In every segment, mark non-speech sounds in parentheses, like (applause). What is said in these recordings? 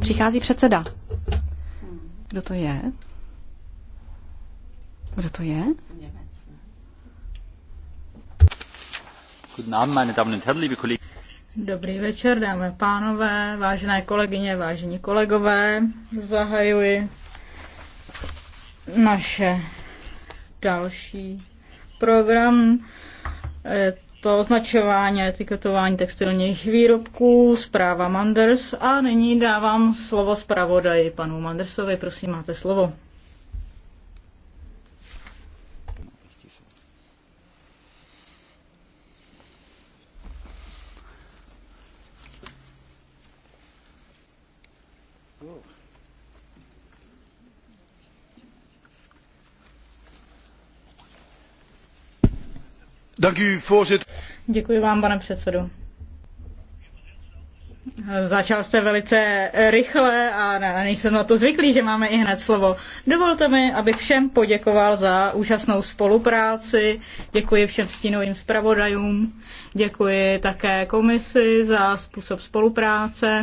Přichází předseda. Kdo to je? Kdo to je? Dobrý večer, dámy a pánové, vážené kolegyně, vážení kolegové. Zahajuji naše další program. Eh, to označování a etiketování textilních výrobků, zpráva Manders. A nyní dávám slovo zpravodaji panu Mandersovi. Prosím, máte slovo. Děkuji vám, pane předsedu. Začal jste velice rychle a nejsem na to zvyklý, že máme i hned slovo. Dovolte mi, abych všem poděkoval za úžasnou spolupráci. Děkuji všem stínovým zpravodajům. Děkuji také komisi za způsob spolupráce.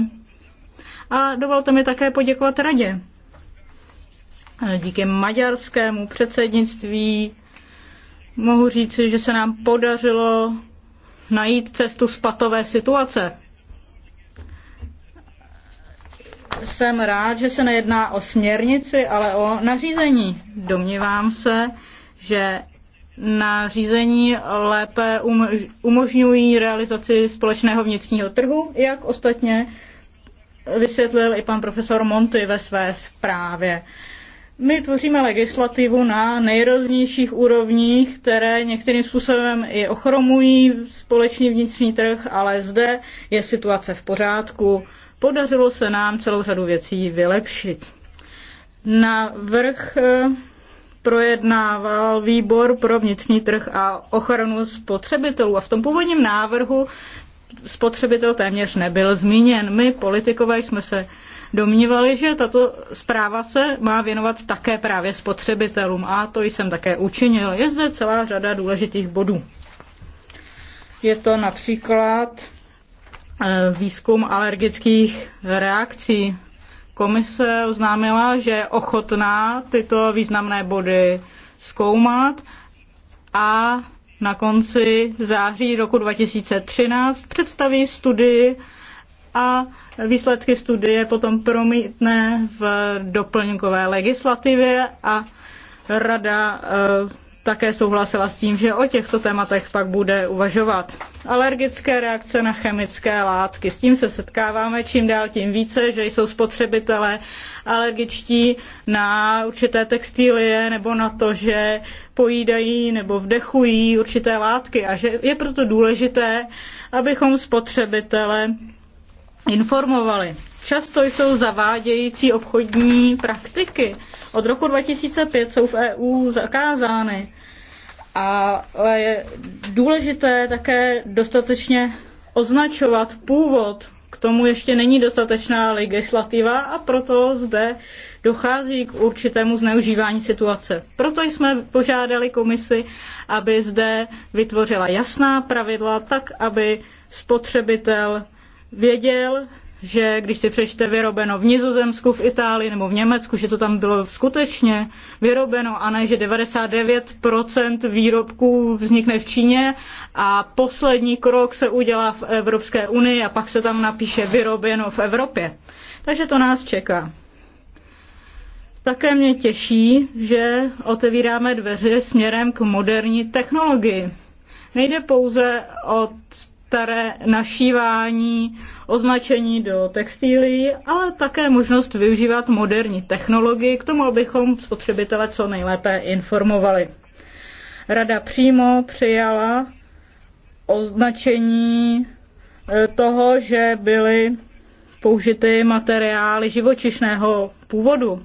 A dovolte mi také poděkovat radě. Díky maďarskému předsednictví mohu říci, že se nám podařilo najít cestu z patové situace. Jsem rád, že se nejedná o směrnici, ale o nařízení. Domnívám se, že nařízení lépe um- umožňují realizaci společného vnitřního trhu, jak ostatně vysvětlil i pan profesor Monty ve své zprávě. My tvoříme legislativu na nejroznějších úrovních, které některým způsobem i ochromují společný vnitřní trh, ale zde je situace v pořádku. Podařilo se nám celou řadu věcí vylepšit. Na vrch eh, projednával výbor pro vnitřní trh a ochranu spotřebitelů. A v tom původním návrhu spotřebitel téměř nebyl zmíněn. My, politikové, jsme se domnívali, že tato zpráva se má věnovat také právě spotřebitelům a to jsem také učinil. Je zde celá řada důležitých bodů. Je to například eh, výzkum alergických reakcí. Komise oznámila, že je ochotná tyto významné body zkoumat a na konci září roku 2013 představí studii a výsledky studie potom promítne v doplňkové legislativě a rada eh, také souhlasila s tím, že o těchto tématech pak bude uvažovat. Alergické reakce na chemické látky. S tím se setkáváme čím dál tím více, že jsou spotřebitelé alergičtí na určité textilie nebo na to, že pojídají nebo vdechují určité látky a že je proto důležité, abychom spotřebitele informovali. Často jsou zavádějící obchodní praktiky. Od roku 2005 jsou v EU zakázány. A je důležité také dostatečně označovat původ. K tomu ještě není dostatečná legislativa a proto zde dochází k určitému zneužívání situace. Proto jsme požádali komisi, aby zde vytvořila jasná pravidla tak, aby spotřebitel věděl, že když si přečte vyrobeno v Nizozemsku, v Itálii nebo v Německu, že to tam bylo skutečně vyrobeno a ne, že 99% výrobků vznikne v Číně a poslední krok se udělá v Evropské unii a pak se tam napíše vyrobeno v Evropě. Takže to nás čeká. Také mě těší, že otevíráme dveře směrem k moderní technologii. Nejde pouze o staré našívání, označení do textílí, ale také možnost využívat moderní technologii k tomu, abychom spotřebitele co nejlépe informovali. Rada přímo přijala označení e, toho, že byly použity materiály živočišného původu.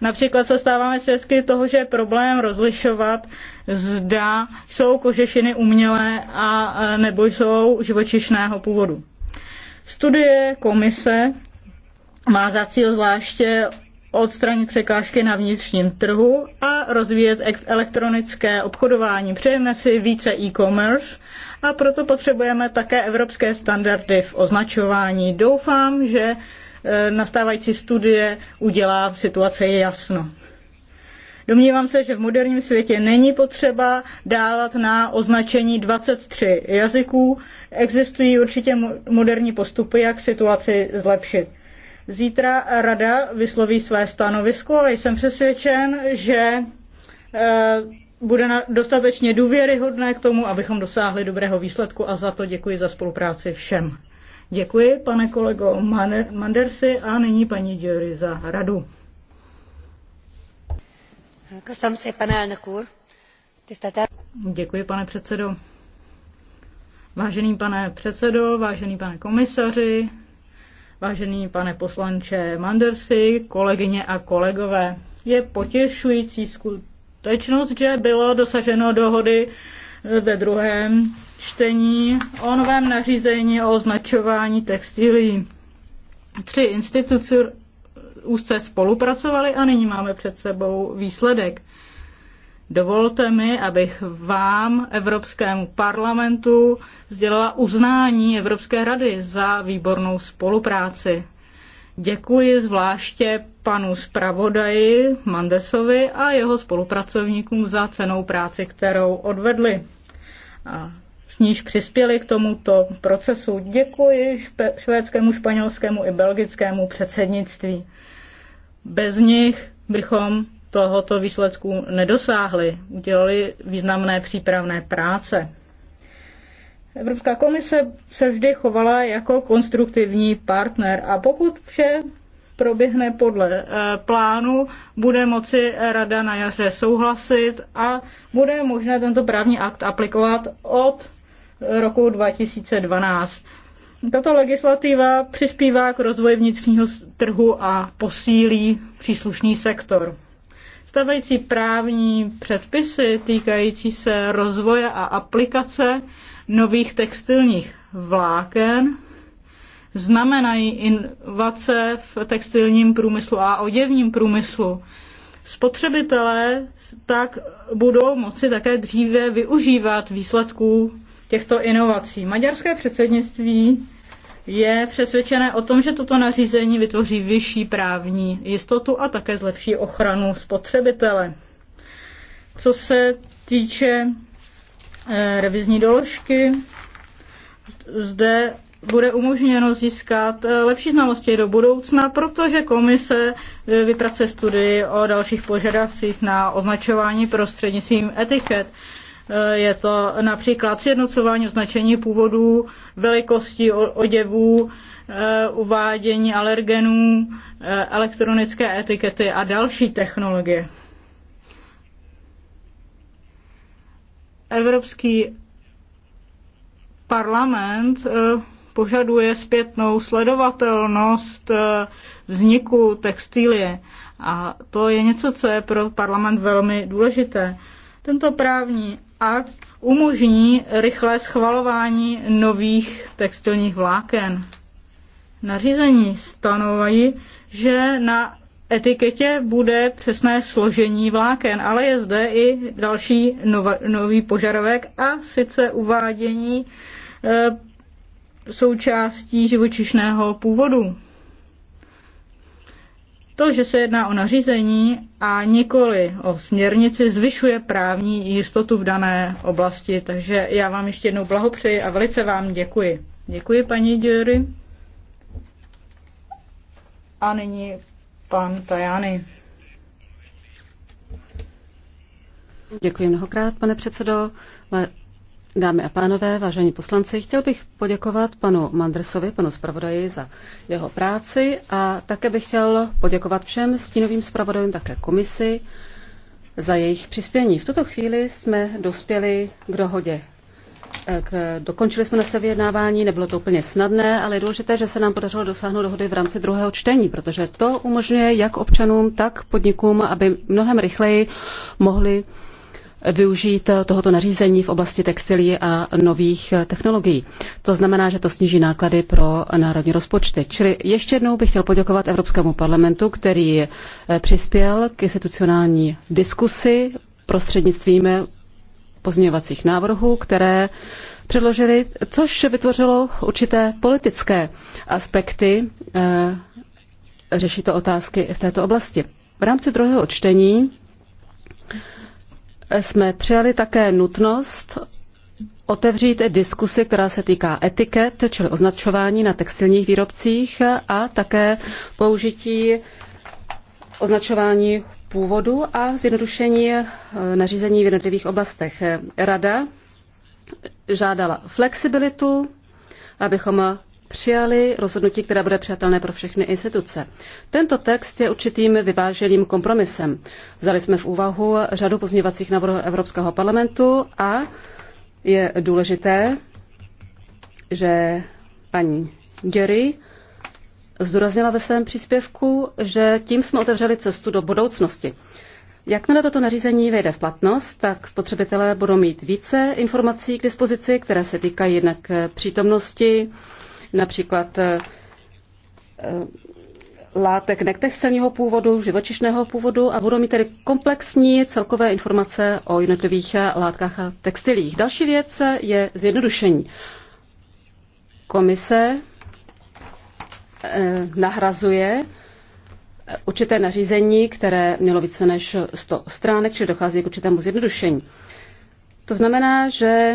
Například se stáváme svědky toho, že je problém rozlišovat, zda jsou kožešiny umělé a e, nebo jsou živočišného původu. Studie komise má za cíl zvláště odstranit překážky na vnitřním trhu a rozvíjet elektronické obchodování. Přejeme si více e-commerce a proto potřebujeme také evropské standardy v označování. Doufám, že Eh, nastávající studie udělá v situaci jasno. Domnívám se, že v moderním světě není potřeba dávat na označení 23 jazyků. Existují určitě moderní postupy, jak situaci zlepšit. Zítra rada vysloví své stanovisko a jsem přesvědčen, že eh, bude dostatečně důvěryhodné k tomu, abychom dosáhli dobrého výsledku a za to děkuji za spolupráci všem. Děkuji, pane kolego Mandersi, a nyní paní Děry za radu. Děkuji, pane předsedo. Vážený pane předsedo, vážený pane komisaři, vážený pane poslanče Mandersi, kolegyně a kolegové. Je potěšující skutečnost, že bylo dosaženo dohody ve druhém čtení o novém nařízení o označování textilí. Tři instituce úzce spolupracovaly a nyní máme před sebou výsledek. Dovolte mi, abych vám, Evropskému parlamentu, sdělila uznání Evropské rady za výbornou spolupráci. Děkuji zvláště panu zpravodaji Mandesovi a jeho spolupracovníkům za cenou práci, kterou odvedli. A s níž přispěli k tomuto procesu. Děkuji švédskému, španělskému i belgickému předsednictví. Bez nich bychom tohoto výsledku nedosáhli. Udělali významné přípravné práce. Evropská komise se vždy chovala jako konstruktivní partner a pokud vše proběhne podle eh, plánu, bude moci rada na jaře souhlasit a bude možné tento právní akt aplikovat od roku 2012. Tato legislativa přispívá k rozvoji vnitřního trhu a posílí příslušný sektor. Stavající právní předpisy týkající se rozvoje a aplikace nových textilních vláken, znamenají inovace v textilním průmyslu a oděvním průmyslu. Spotřebitelé tak budou moci také dříve využívat výsledků těchto inovací. Maďarské předsednictví je přesvědčené o tom, že toto nařízení vytvoří vyšší právní jistotu a také zlepší ochranu spotřebitele. Co se týče Eh, revizní doložky. Zde bude umožněno získat eh, lepší znalosti do budoucna, protože komise eh, vypracuje studii o dalších požadavcích na označování prostřednictvím etiket. Je to například sjednocování označení původů, velikosti oděvů, uvádění alergenů, elektronické etikety a další technologie. Evropský parlament eh, požaduje zpětnou sledovatelnost eh, vzniku textilie. A to je něco, co je pro parlament velmi důležité. Tento právní akt umožní rychlé schvalování nových textilních vláken. Nařízení stanovají, že na etiketě bude přesné složení vláken, ale je zde i další nova, nový požadavek a sice uvádění e, součástí živočišného původu. To, že se jedná o nařízení a nikoli o směrnici, zvyšuje právní jistotu v dané oblasti. Takže já vám ještě jednou blahopřeji a velice vám děkuji. Děkuji, paní Děry. A nyní pan Tajany. Děkuji mnohokrát, pane předsedo. Dámy a pánové, vážení poslanci, chtěl bych poděkovat panu Mandrsovi, panu zpravodaji za jeho práci a také bych chtěl poděkovat všem stínovým zpravodajům, také komisi za jejich přispění. V tuto chvíli jsme dospěli k dohodě tak, dokončili jsme naše vyjednávání, nebylo to úplně snadné, ale je důležité, že se nám podařilo dosáhnout dohody v rámci druhého čtení, protože to umožňuje jak občanům, tak podnikům, aby mnohem rychleji mohli využít tohoto nařízení v oblasti textilí a nových technologií. To znamená, že to sníží náklady pro národní rozpočty. Čili ještě jednou bych chtěl poděkovat Evropskému parlamentu, který eh, přispěl k institucionální diskusi prostřednictvím pozměňovacích návrhů, které předložili, což vytvořilo určité politické aspekty. Eh, řeší to otázky v této oblasti. V rámci druhého čtení eh, jsme přijali také nutnost otevřít diskusy, která se týká etiket, čili označování na textilních výrobcích a také použití označování původu a zjednodušení eh, nařízení v jednotlivých oblastech. Rada žádala flexibilitu, abychom přijali rozhodnutí, které bude přijatelné pro všechny instituce. Tento text je určitým vyváženým kompromisem. Vzali jsme v úvahu řadu pozměňovacích návrhů Evropského parlamentu a je důležité, že paní Gery zdůraznila ve svém příspěvku, že tím jsme otevřeli cestu do budoucnosti. Jakmile toto nařízení vejde v platnost, tak spotřebitelé budou mít více informací k dispozici, které se týkají jednak přítomnosti, například eh, eh, látek nektech celního původu, živočišného původu a budou mít tedy komplexní celkové informace o jednotlivých eh, látkách a textilích. Další věc je zjednodušení. Komise Eh, nahrazuje eh, určité nařízení, které mělo více než 100 stránek, čili dochází k určitému zjednodušení. To znamená, že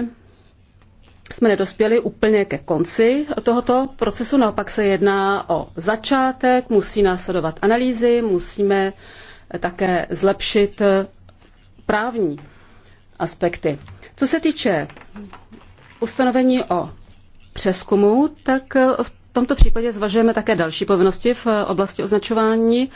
jsme nedospěli úplně ke konci tohoto procesu, naopak se jedná o začátek, musí následovat analýzy, musíme také zlepšit právní aspekty. Co se týče ustanovení o přeskumu, tak v tomto případě zvažujeme také další povinnosti v eh, oblasti označování.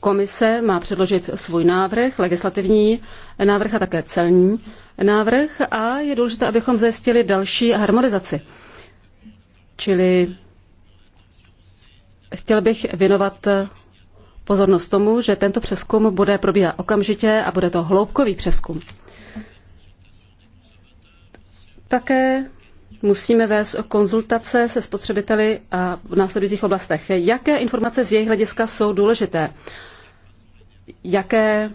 Komise má předložit svůj návrh, legislativní návrh a také celní návrh a je důležité, abychom zajistili další harmonizaci. Čili chtěl bych věnovat eh, pozornost tomu, že tento přeskum bude probíhat okamžitě a bude to hloubkový přeskum. Také musíme vést o konzultace se spotřebiteli v následujících oblastech. Jaké informace z jejich hlediska jsou důležité? Jaké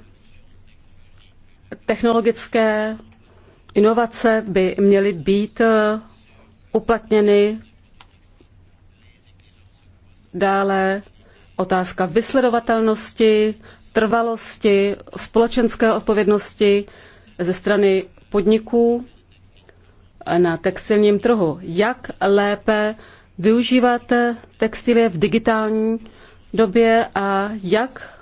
technologické inovace by měly být eh, uplatněny? Dále otázka vysledovatelnosti, trvalosti, společenské odpovědnosti ze strany podniků na textilním trhu. Jak lépe využívat textilie v digitální době a jak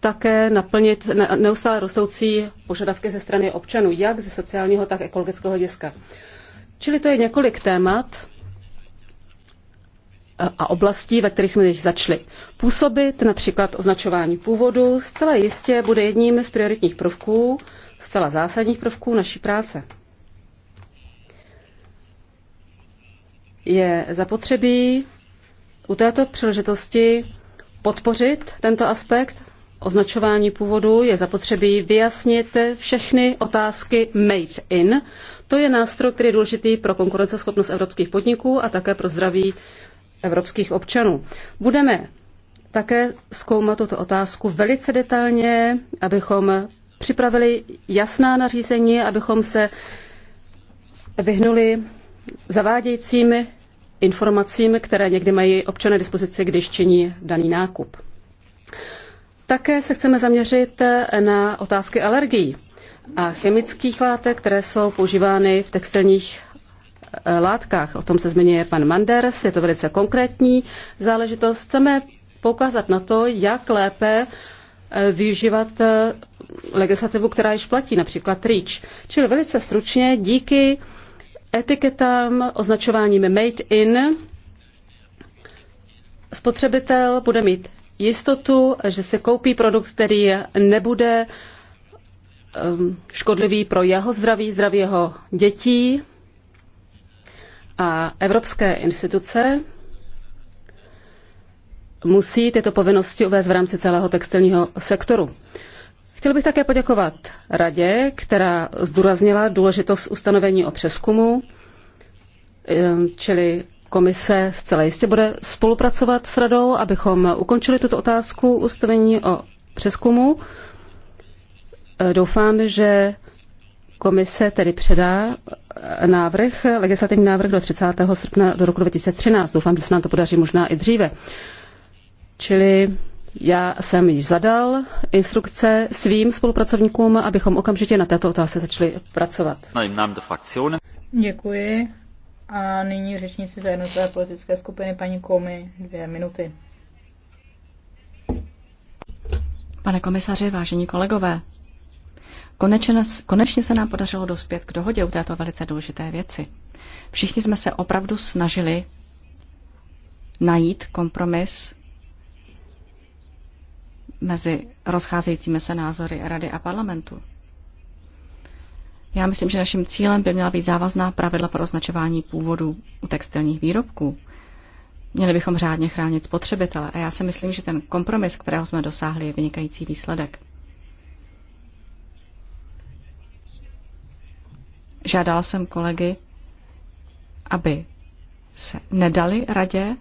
také naplnit neustále rostoucí požadavky ze strany občanů, jak ze sociálního, tak ekologického hlediska. Čili to je několik témat a oblastí, ve kterých jsme již začali. Působit například označování původu zcela jistě bude jedním z prioritních prvků, zcela zásadních prvků naší práce. Je zapotřebí u této příležitosti podpořit tento aspekt označování původu je zapotřebí vyjasnit všechny otázky made in. To je nástroj, který je důležitý pro konkurenceschopnost evropských podniků a také pro zdraví evropských občanů. Budeme také zkoumat tuto otázku velice detailně, abychom připravili jasná nařízení, abychom se vyhnuli Zavádějícími informacími, které někdy mají občané dispozici, když činí daný nákup. Také se chceme zaměřit na otázky alergií a chemických látek, které jsou používány v textilních eh, látkách. O tom se zmiňuje pan Manders, je to velice konkrétní záležitost. Chceme poukázat na to, jak lépe eh, využívat eh, legislativu, která již platí, například REACH. Čili velice stručně díky etiketám, označováním made in, spotřebitel bude mít jistotu, že se koupí produkt, který nebude ehm, škodlivý pro jeho zdraví, zdraví jeho dětí a evropské instituce musí tyto povinnosti uvést v rámci celého textilního sektoru. Chtěl bych také poděkovat radě, která zdůraznila důležitost ustanovení o přeskumu, ehm, čili komise zcela jistě bude spolupracovat s radou, abychom ukončili tuto otázku ustanovení o přeskumu. E, doufám, že komise tedy předá e, návrh, legislativní návrh do 30. srpna do roku 2013. Doufám, že se nám to podaří možná i dříve. Čili já jsem již zadal instrukce svým spolupracovníkům, abychom okamžitě na této otázce začali pracovat. Děkuji. A nyní řečníci za jednotlivé politické skupiny paní Komi dvě minuty. Pane komisaři, vážení kolegové, konečně, konečně se nám podařilo dospět k dohodě u této velice důležité věci. Všichni jsme se opravdu snažili najít kompromis mezi rozcházejícími se názory Rady a parlamentu. Já myslím, že naším cílem by měla být závazná pravidla pro označování původu u textilních výrobků. Měli bychom řádně chránit spotřebitele a já si myslím, že ten kompromis, kterého jsme dosáhli, je vynikající výsledek. Žádala jsem kolegy, aby se nedali radě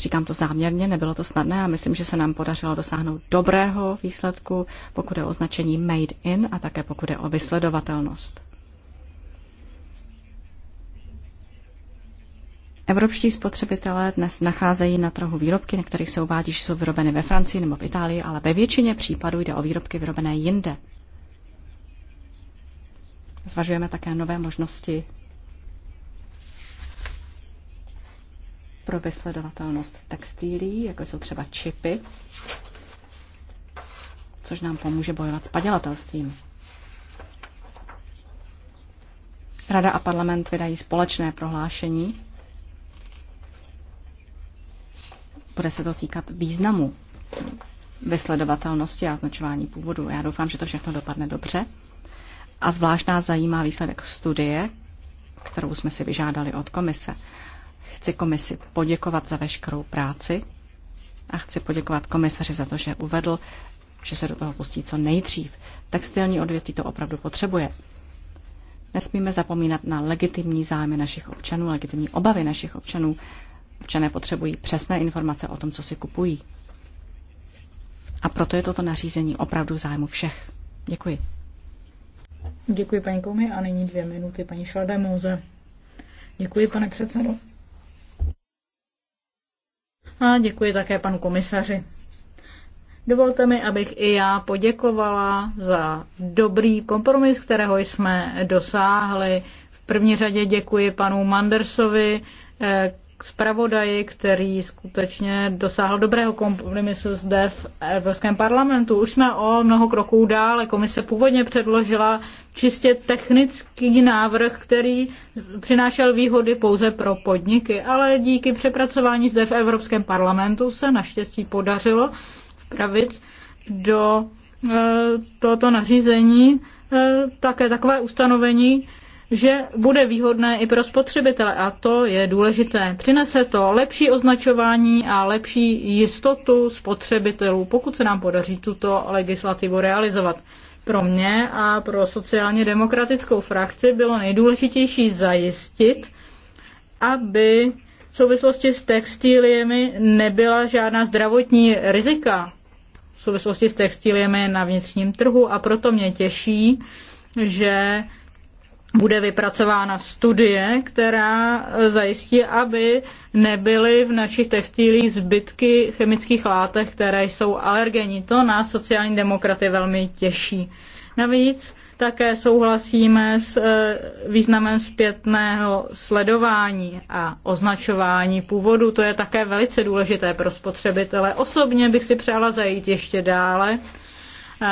Říkám to záměrně, nebylo to snadné a myslím, že se nám podařilo dosáhnout dobrého výsledku, pokud je o označení Made in a také pokud je o vysledovatelnost. Evropští spotřebitelé dnes nacházejí na trhu výrobky, na kterých se uvádí, že jsou vyrobeny ve Francii nebo v Itálii, ale ve většině případů jde o výrobky vyrobené jinde. Zvažujeme také nové možnosti pro vysledovatelnost textílí, jako jsou třeba čipy, což nám pomůže bojovat s padělatelstvím. Rada a parlament vydají společné prohlášení. Bude se to týkat významu vysledovatelnosti a označování původu. Já doufám, že to všechno dopadne dobře. A zvlášť nás zajímá výsledek studie, kterou jsme si vyžádali od komise. Chci komisi poděkovat za veškerou práci a chci poděkovat komisaři za to, že uvedl, že se do toho pustí co nejdřív. Textilní odvětví to opravdu potřebuje. Nesmíme zapomínat na legitimní zájmy našich občanů, legitimní obavy našich občanů. Občané potřebují přesné informace o tom, co si kupují. A proto je toto nařízení opravdu zájmu všech. Děkuji. Děkuji paní Komi a nyní dvě minuty paní Šaldé Děkuji, pane předsedo. A děkuji také panu komisaři. Dovolte mi, abych i já poděkovala za dobrý kompromis, kterého jsme dosáhli. V první řadě děkuji panu Mandersovi, eh, zpravodaji, který skutečně dosáhl dobrého kompromisu zde v Evropském parlamentu. Už jsme o mnoho kroků dále. Komise původně předložila čistě technický návrh, který přinášel výhody pouze pro podniky, ale díky přepracování zde v Evropském parlamentu se naštěstí podařilo vpravit do e, tohoto nařízení e, také takové ustanovení, že bude výhodné i pro spotřebitele a to je důležité. Přinese to lepší označování a lepší jistotu spotřebitelů, pokud se nám podaří tuto legislativu realizovat. Pro mě a pro sociálně demokratickou frakci bylo nejdůležitější zajistit, aby v souvislosti s textíliemi nebyla žádná zdravotní rizika v souvislosti s textíliemi na vnitřním trhu a proto mě těší, že bude vypracována studie, která zajistí, aby nebyly v našich textilích zbytky chemických látek, které jsou alergenní. To nás sociální demokraty velmi těší. Navíc také souhlasíme s e, významem zpětného sledování a označování původu. To je také velice důležité pro spotřebitele. Osobně bych si přála zajít ještě dále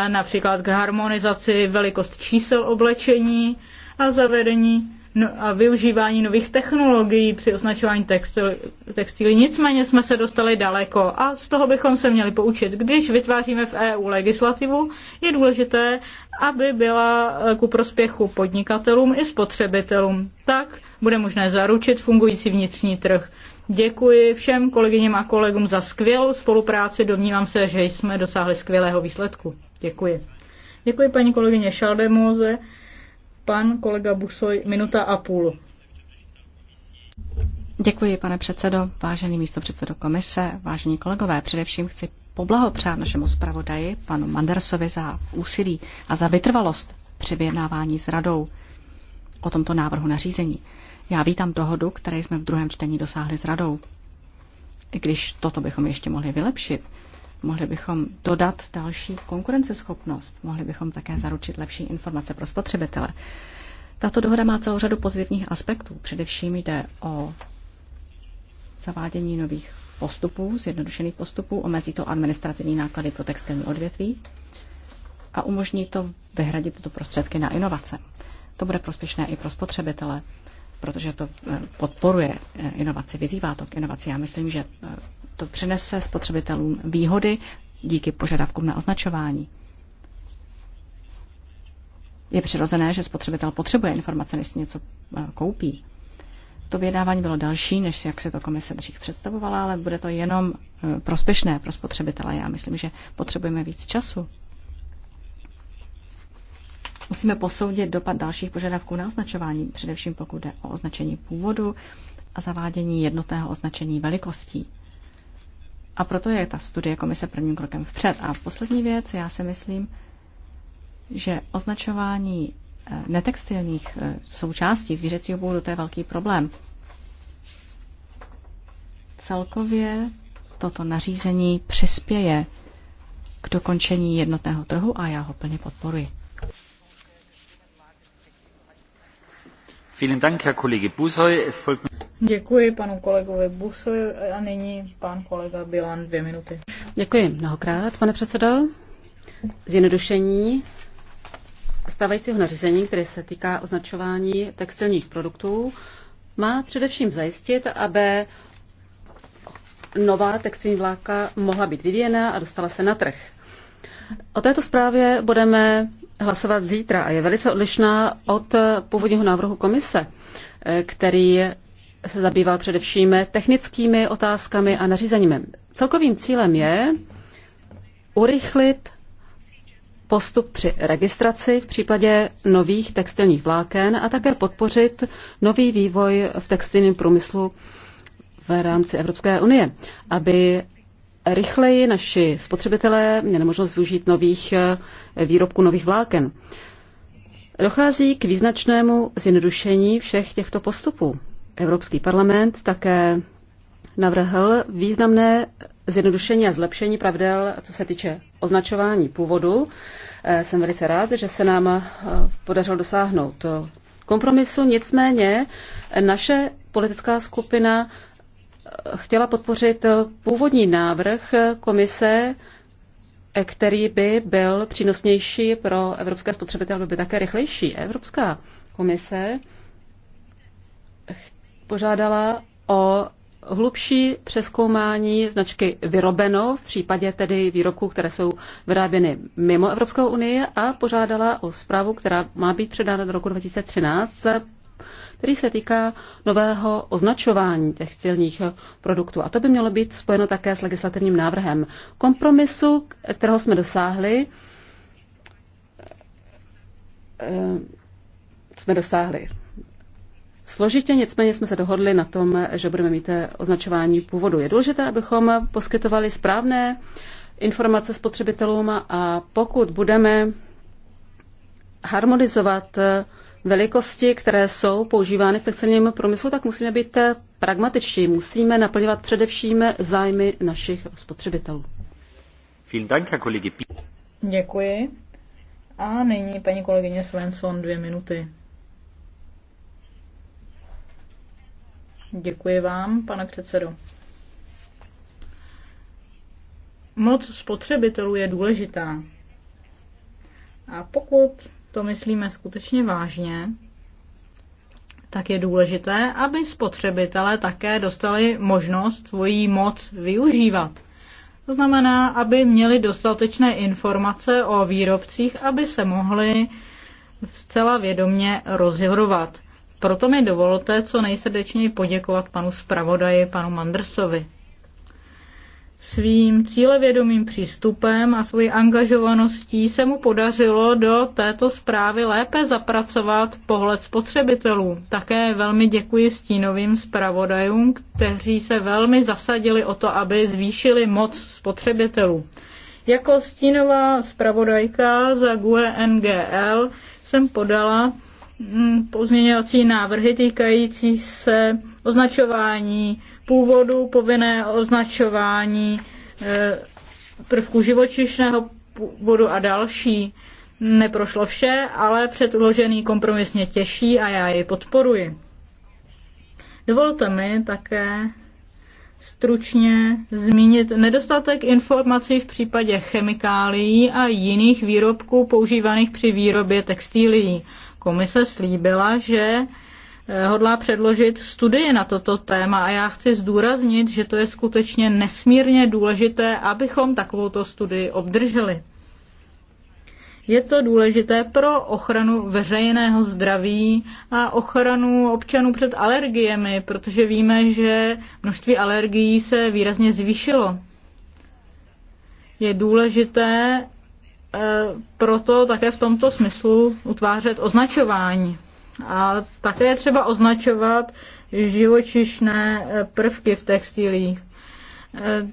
například k harmonizaci velikost čísel oblečení a zavedení no a využívání nových technologií při označování textil, textilí. Nicméně jsme se dostali daleko a z toho bychom se měli poučit. Když vytváříme v EU legislativu, je důležité, aby byla eh, ku prospěchu podnikatelům i spotřebitelům. Tak bude možné zaručit fungující vnitřní trh. Děkuji všem kolegyním a kolegům za skvělou spolupráci. Domnívám se, že jsme dosáhli skvělého výsledku. Děkuji. Děkuji paní kolegyně Šaldemóze. Pan kolega Busoj, minuta a půl. Děkuji, pane předsedo, vážený místo předsedo komise, vážení kolegové. Především chci poblahopřát našemu zpravodaji, panu Mandersovi, za úsilí a za vytrvalost při vyjednávání s radou o tomto návrhu nařízení. Já vítám dohodu, které jsme v druhém čtení dosáhli s radou. I když toto bychom ještě mohli vylepšit, Mohli bychom dodat další konkurenceschopnost, mohli bychom také zaručit lepší informace pro spotřebitele. Tato dohoda má celou řadu pozitivních aspektů. Především jde o zavádění nových postupů, zjednodušených postupů, omezí to administrativní náklady pro textilní odvětví a umožní to vyhradit tyto prostředky na inovace. To bude prospěšné i pro spotřebitele, protože to eh, podporuje eh, inovaci, vyzývá to k inovaci. Já myslím, že eh, to přinese spotřebitelům výhody díky požadavkům na označování. Je přirozené, že spotřebitel potřebuje informace, než si něco koupí. To vyjednávání bylo další, než jak se to komise dřív představovala, ale bude to jenom prospěšné pro spotřebitele. Já myslím, že potřebujeme víc času Musíme posoudit dopad dalších požadavků na označování, především pokud jde o označení původu a zavádění jednotného označení velikostí. A proto je ta studie komise prvním krokem vpřed. A poslední věc, já si myslím, že označování eh, netextilních eh, součástí zvířecího původu to je velký problém. Celkově toto nařízení přispěje k dokončení jednotného trhu a já ho plně podporuji. Děkuji panu kolegovi Busovi a nyní pan kolega Bilan dvě minuty. Děkuji mnohokrát, pane předsedo. Zjednodušení stávajícího nařízení, které se týká označování textilních produktů, má především zajistit, aby nová textilní vláka mohla být vyvíjena a dostala se na trh. O této zprávě budeme hlasovat zítra a je velice odlišná od původního návrhu komise, eh, který se zabýval především technickými otázkami a nařízeními. Celkovým cílem je urychlit postup při registraci v případě nových textilních vláken a také podpořit nový vývoj v textilním průmyslu v rámci Evropské unie, aby rychleji naši spotřebitelé měli možnost využít nových eh, výrobků, nových vláken. Dochází k význačnému zjednodušení všech těchto postupů. Evropský parlament také navrhl významné zjednodušení a zlepšení pravidel, co se týče označování původu. Eh, jsem velice rád, že se nám eh, podařilo dosáhnout kompromisu, nicméně naše politická skupina chtěla podpořit eh, původní návrh komise, eh, který by byl přínosnější pro evropské spotřebitele, by také rychlejší. Evropská komise požádala o hlubší přeskoumání značky vyrobeno v případě tedy výrobků, které jsou vyráběny mimo Evropskou unii a požádala o zprávu, která má být předána do roku 2013 který se týká nového označování těch silních produktů. A to by mělo být spojeno také s legislativním návrhem kompromisu, kterého jsme dosáhli. Eh, jsme dosáhli Složitě nicméně jsme se dohodli na tom, že budeme mít eh, označování původu. Je důležité, abychom poskytovali správné informace spotřebitelům a pokud budeme harmonizovat eh, velikosti, které jsou používány v textilním průmyslu, tak musíme být eh, pragmatičtí. Musíme naplňovat především zájmy našich spotřebitelů. Děkuji. A nyní paní kolegyně Svensson dvě minuty. Děkuji vám, pane předsedo. Moc spotřebitelů je důležitá. A pokud to myslíme skutečně vážně, tak je důležité, aby spotřebitelé také dostali možnost svoji moc využívat. To znamená, aby měli dostatečné informace o výrobcích, aby se mohli zcela vědomně rozhodovat. Proto mi dovolte co nejsrdečněji poděkovat panu zpravodaji, panu Mandersovi svým cílevědomým přístupem a svojí angažovaností se mu podařilo do této zprávy lépe zapracovat pohled spotřebitelů. Také velmi děkuji stínovým zpravodajům, kteří se velmi zasadili o to, aby zvýšili moc spotřebitelů. Jako stínová zpravodajka za GUE NGL jsem podala mm, pozměňovací návrhy týkající se označování původu, povinné označování eh, prvků živočišného původu a další. Neprošlo vše, ale předložený kompromis mě těší a já jej podporuji. Dovolte mi také stručně zmínit nedostatek informací v případě chemikálií a jiných výrobků používaných při výrobě textilií. Komise slíbila, že Eh, hodlá předložit studii na toto téma a já chci zdůraznit, že to je skutečně nesmírně důležité, abychom takovouto studii obdrželi. Je to důležité pro ochranu veřejného zdraví a ochranu občanů před alergiemi, protože víme, že množství alergií se výrazně zvýšilo. Je důležité eh, proto také v tomto smyslu utvářet označování. A také je třeba označovat živočišné eh, prvky v textilích. Eh,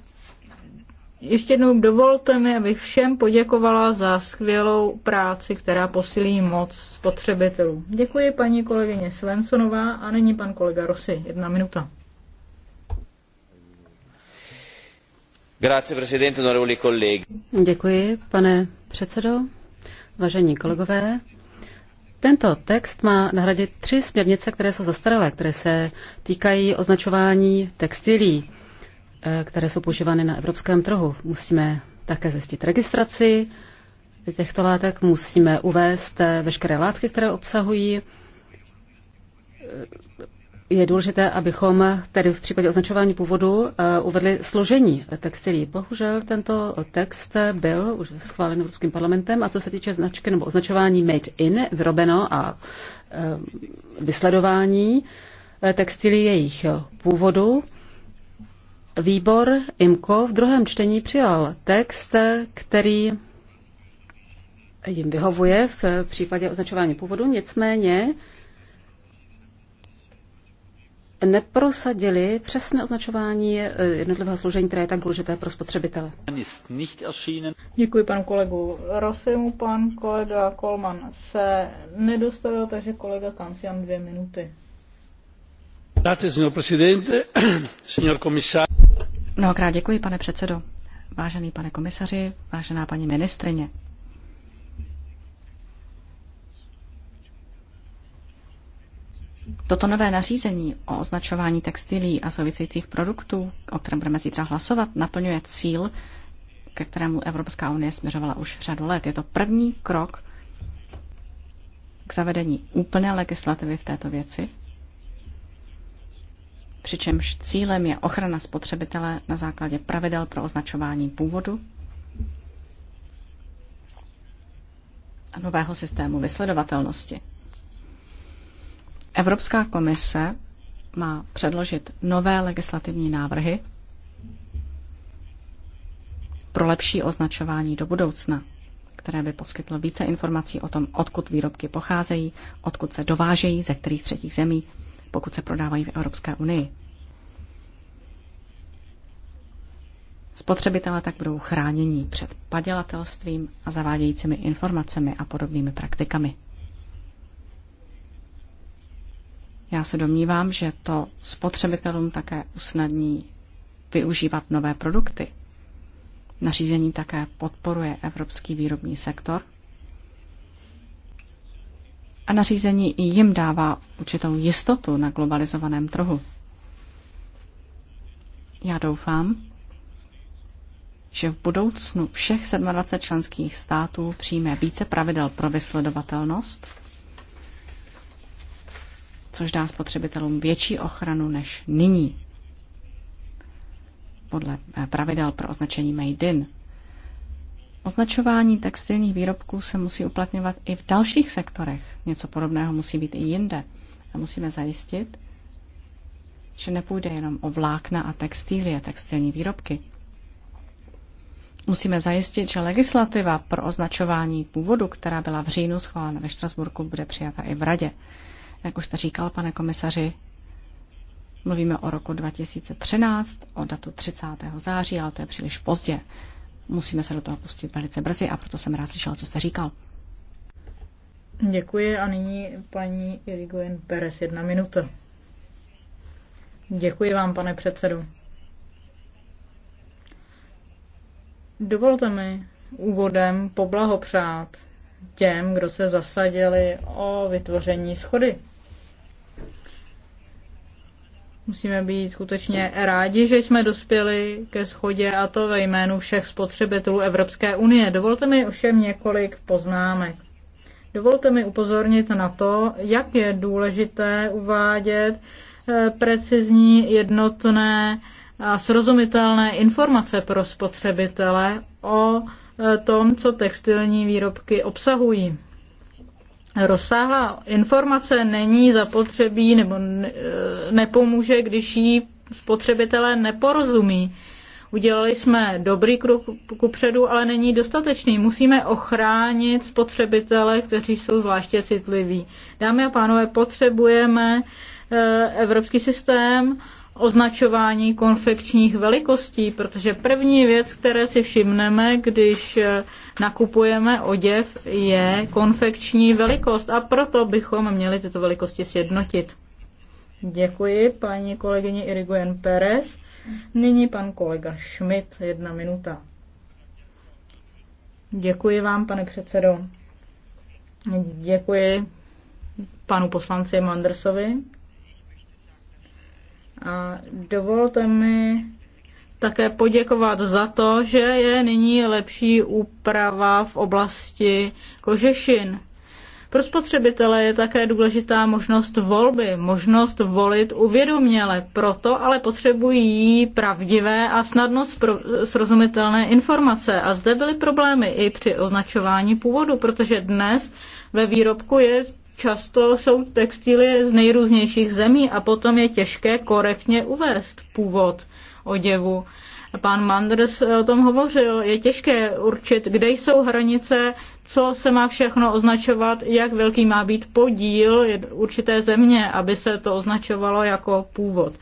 ještě jednou dovolte mi, abych všem poděkovala za skvělou práci, která posilí moc spotřebitelů. Děkuji paní kolegyně Svensonová a nyní pan kolega Rosy. Jedna minuta. Děkuji, pane předsedo, vážení kolegové. Tento text má nahradit tři směrnice, které jsou zastaralé, které se týkají označování textilí, eh, které jsou používány na evropském trhu. Musíme také zjistit registraci těchto látek, musíme uvést eh, veškeré látky, které obsahují eh, je důležité, abychom tedy v případě označování původu eh, uvedli složení textilí. Bohužel tento text byl už schválen Evropským parlamentem a co se týče značky nebo označování made in, vyrobeno a eh, vysledování eh, textilí jejich původu, výbor IMCO v druhém čtení přijal text, který jim vyhovuje v případě označování původu, nicméně neprosadili přesné označování eh, jednotlivého složení, které je tak důležité pro spotřebitele. Děkuji panu kolegu Rosimu. Pan kolega Kolman se nedostavil, takže kolega Kancian dvě minuty. Grazie, signor presidente, signor (clears throat) Mnohokrát děkuji, pane předsedo. Vážený pane komisaři, vážená paní ministrině. Toto nové nařízení o označování textilí a souvisejících produktů, o kterém budeme zítra hlasovat, naplňuje cíl, ke kterému Evropská unie směřovala už řadu let. Je to první krok k zavedení úplné legislativy v této věci, přičemž cílem je ochrana spotřebitele na základě pravidel pro označování původu a nového systému vysledovatelnosti. Evropská komise má předložit nové legislativní návrhy pro lepší označování do budoucna, které by poskytlo více informací o tom, odkud výrobky pocházejí, odkud se dovážejí, ze kterých třetích zemí, pokud se prodávají v Evropské unii. Spotřebitelé tak budou chráněni před padělatelstvím a zavádějícími informacemi a podobnými praktikami. Já se domnívám, že to spotřebitelům také usnadní využívat nové produkty. Nařízení také podporuje evropský výrobní sektor a nařízení jim dává určitou jistotu na globalizovaném trhu. Já doufám, že v budoucnu všech 27 členských států přijme více pravidel pro vysledovatelnost což dá spotřebitelům větší ochranu než nyní. Podle eh, pravidel pro označení Made in. Označování textilních výrobků se musí uplatňovat i v dalších sektorech. Něco podobného musí být i jinde. A musíme zajistit, že nepůjde jenom o vlákna a textilie, textilní výrobky. Musíme zajistit, že legislativa pro označování původu, která byla v říjnu schválena ve Štrasburku, bude přijata i v Radě. Jak už jste říkal, pane komisaři, mluvíme o roku 2013, o datu 30. září, ale to je příliš pozdě. Musíme se do toho pustit velice brzy a proto jsem rád slyšel, co jste říkal. Děkuji a nyní paní Irigoyen Perez, jedna minuta. Děkuji vám, pane předsedu. Dovolte mi úvodem poblahopřát těm, kdo se zasadili o vytvoření schody Musíme být skutečně rádi, že jsme dospěli ke schodě a to ve jménu všech spotřebitelů Evropské unie. Dovolte mi ovšem několik poznámek. Dovolte mi upozornit na to, jak je důležité uvádět eh, precizní, jednotné a srozumitelné informace pro spotřebitele o eh, tom, co textilní výrobky obsahují rozsáhlá informace není zapotřebí nebo e, nepomůže, když ji spotřebitelé neporozumí. Udělali jsme dobrý krok předu, ale není dostatečný. Musíme ochránit spotřebitele, kteří jsou zvláště citliví. Dámy a pánové, potřebujeme e, evropský systém označování konfekčních velikostí, protože první věc, které si všimneme, když eh, nakupujeme oděv, je konfekční velikost a proto bychom měli tyto velikosti sjednotit. Děkuji paní kolegyni Irigoyen Perez. Nyní pan kolega Schmidt, jedna minuta. Děkuji vám, pane předsedo. Děkuji panu poslanci Mandersovi a dovolte mi také poděkovat za to, že je nyní lepší úprava v oblasti kožešin. Pro spotřebitele je také důležitá možnost volby, možnost volit uvědoměle, proto ale potřebují pravdivé a snadno srozumitelné informace. A zde byly problémy i při označování původu, protože dnes ve výrobku je Často jsou textily z nejrůznějších zemí a potom je těžké korektně uvést původ oděvu. Pan Manders o tom hovořil. Je těžké určit, kde jsou hranice, co se má všechno označovat, jak velký má být podíl určité země, aby se to označovalo jako původ.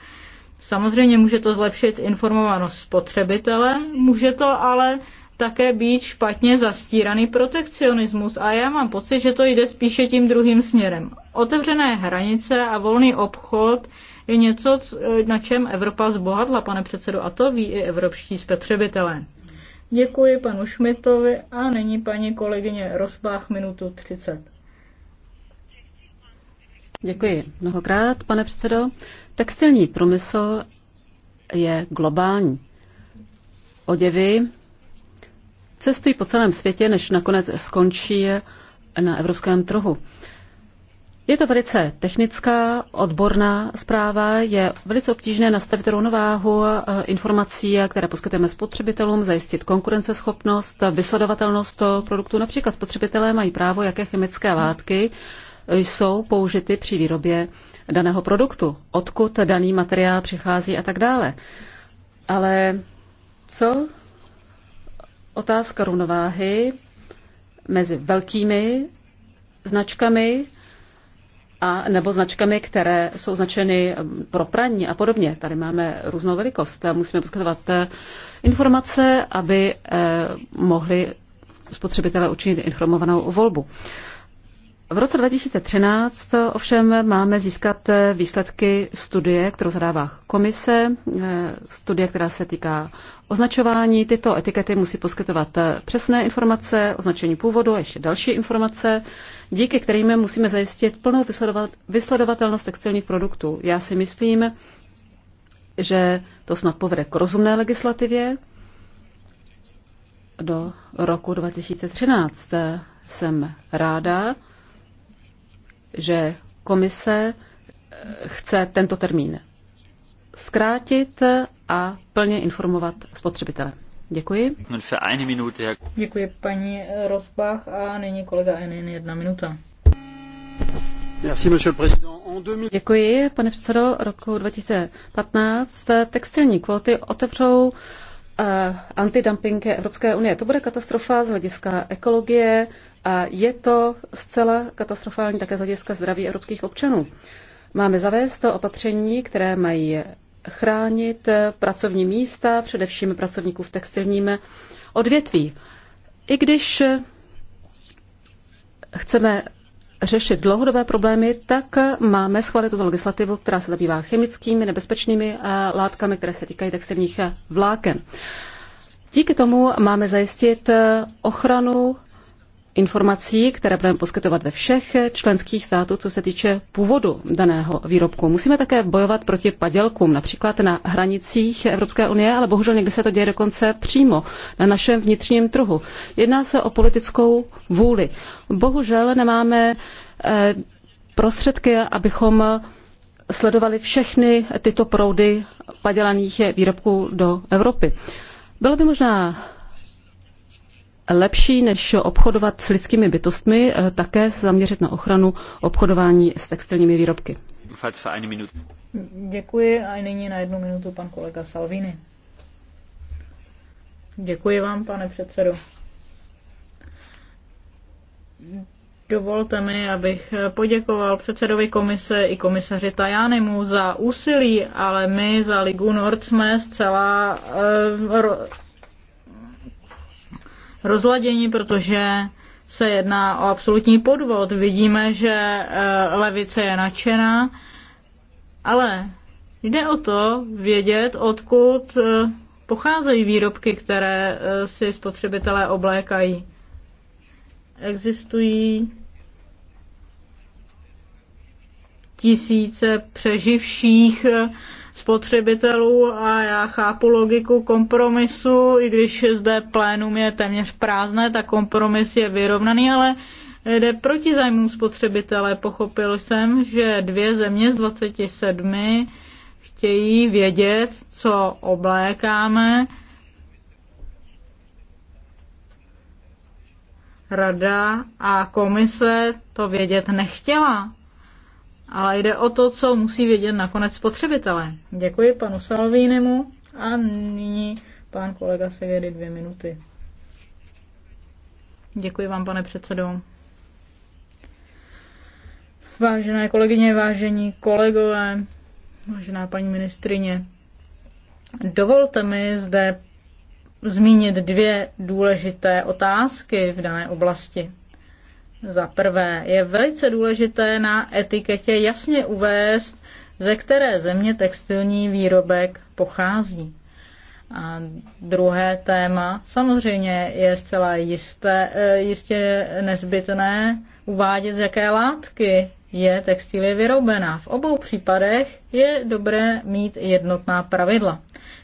Samozřejmě může to zlepšit informovanost spotřebitele, může to ale také být špatně zastíraný protekcionismus a já mám pocit, že to jde spíše tím druhým směrem. Otevřené hranice a volný obchod je něco, eh, na čem Evropa zbohatla, pane předsedo, a to ví i evropští spotřebitelé. Děkuji panu Šmitovi a nyní paní kolegyně Rozbách minutu 30. Děkuji mnohokrát, pane předsedo. Textilní průmysl je globální. Oděvy cestují po celém světě, než nakonec skončí na evropském trhu. Je to velice technická, odborná zpráva, je velice obtížné nastavit rovnováhu eh, informací, které poskytujeme spotřebitelům, zajistit konkurenceschopnost, vysledovatelnost produktu. Například spotřebitelé mají právo, jaké chemické látky jsou použity při výrobě daného produktu, odkud daný materiál přichází a tak dále. Ale co otázka rovnováhy mezi velkými značkami a nebo značkami, které jsou značeny ehm, pro praní a podobně. Tady máme různou velikost a musíme poskytovat eh, informace, aby eh, mohli spotřebitelé učinit informovanou volbu. V roce 2013 ovšem máme získat výsledky studie, kterou zadává komise, eh, studie, která se týká označování. Tyto etikety musí poskytovat přesné informace, označení původu a ještě další informace, díky kterým musíme zajistit plnou vysledovatelnost textilních produktů. Já si myslím, že to snad povede k rozumné legislativě do roku 2013. Jsem ráda, že komise eh, chce tento termín zkrátit a plně informovat spotřebitele. Děkuji. Děkuji paní Rozbach a nyní kolega Enin jedna minuta. Děkuji, pane předsedo. Roku 2015 eh, textilní kvóty otevřou eh, antidumping Evropské unie. To bude katastrofa z hlediska ekologie, a je to zcela katastrofální také z hlediska zdraví evropských občanů. Máme zavést to opatření, které mají chránit pracovní místa, především pracovníků v textilním odvětví. I když chceme řešit dlouhodobé problémy, tak máme schválit tuto legislativu, která se zabývá chemickými nebezpečnými eh, látkami, které se týkají textilních eh, vláken. Díky tomu máme zajistit eh, ochranu informací, které budeme poskytovat ve všech členských států, co se týče původu daného výrobku. Musíme také bojovat proti padělkům, například na hranicích Evropské unie, ale bohužel někdy se to děje dokonce přímo na našem vnitřním trhu. Jedná se o politickou vůli. Bohužel nemáme eh, prostředky, abychom sledovali všechny tyto proudy padělaných výrobků do Evropy. Bylo by možná lepší, než obchodovat s lidskými bytostmi, eh, také zaměřit na ochranu obchodování s textilními výrobky. Děkuji a nyní na jednu minutu pan kolega Salvini. Děkuji vám, pane předsedo. Dovolte mi, abych poděkoval předsedovi komise i komisaři Tajánemu za úsilí, ale my za Ligu Nord jsme zcela eh, rozladění, protože se jedná o absolutní podvod. Vidíme, že eh, levice je nadšená, ale jde o to vědět, odkud eh, pocházejí výrobky, které eh, si spotřebitelé oblékají. Existují tisíce přeživších spotřebitelů a já chápu logiku kompromisu, i když zde plénum je téměř prázdné, tak kompromis je vyrovnaný, ale jde proti zájmům spotřebitele. Pochopil jsem, že dvě země z 27 chtějí vědět, co oblékáme. Rada a komise to vědět nechtěla ale jde o to, co musí vědět nakonec spotřebitelé. Děkuji panu Salvínemu a nyní pán kolega Segery dvě minuty. Děkuji vám, pane předsedo. Vážené kolegyně, vážení kolegové, vážená paní ministrině, dovolte mi zde zmínit dvě důležité otázky v dané oblasti. Za prvé, je velice důležité na etiketě jasně uvést, ze které země textilní výrobek pochází. A druhé téma, samozřejmě je zcela jisté, e, jistě nezbytné uvádět, z jaké látky je textilie vyrobená. V obou případech je dobré mít jednotná pravidla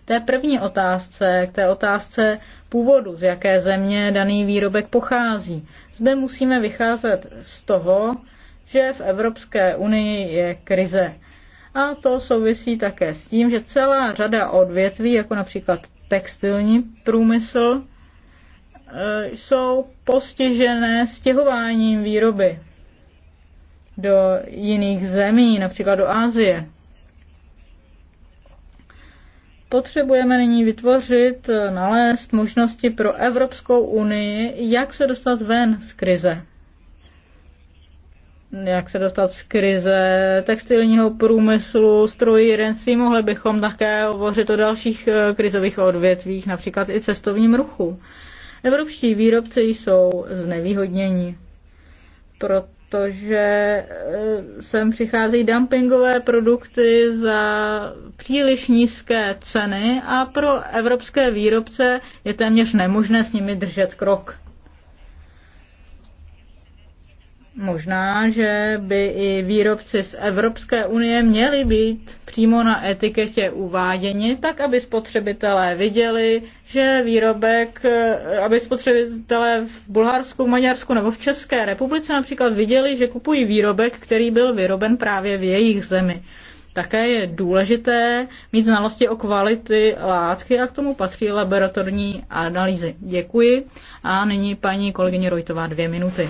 té první otázce, k té otázce původu, z jaké země daný výrobek pochází. Zde musíme vycházet z toho, že v Evropské unii je krize. A to souvisí také s tím, že celá řada odvětví, jako například textilní průmysl, e, jsou postižené stěhováním výroby do jiných zemí, například do Asie. Potřebujeme nyní vytvořit, eh, nalézt možnosti pro Evropskou unii, jak se dostat ven z krize. Jak se dostat z krize textilního průmyslu, strojírenství, mohli bychom také hovořit o dalších eh, krizových odvětvích, například i cestovním ruchu. Evropští výrobci jsou znevýhodněni. Proto protože eh, sem přicházejí dumpingové produkty za příliš nízké ceny a pro evropské výrobce je téměř nemožné s nimi držet krok. Možná, že by i výrobci z Evropské unie měli být přímo na etiketě uváděni, tak aby spotřebitelé viděli, že výrobek, eh, aby spotřebitelé v Bulharsku, Maďarsku nebo v České republice například viděli, že kupují výrobek, který byl vyroben právě v jejich zemi. Také je důležité mít znalosti o kvality látky a k tomu patří laboratorní analýzy. Děkuji a nyní paní kolegyně Rojtová dvě minuty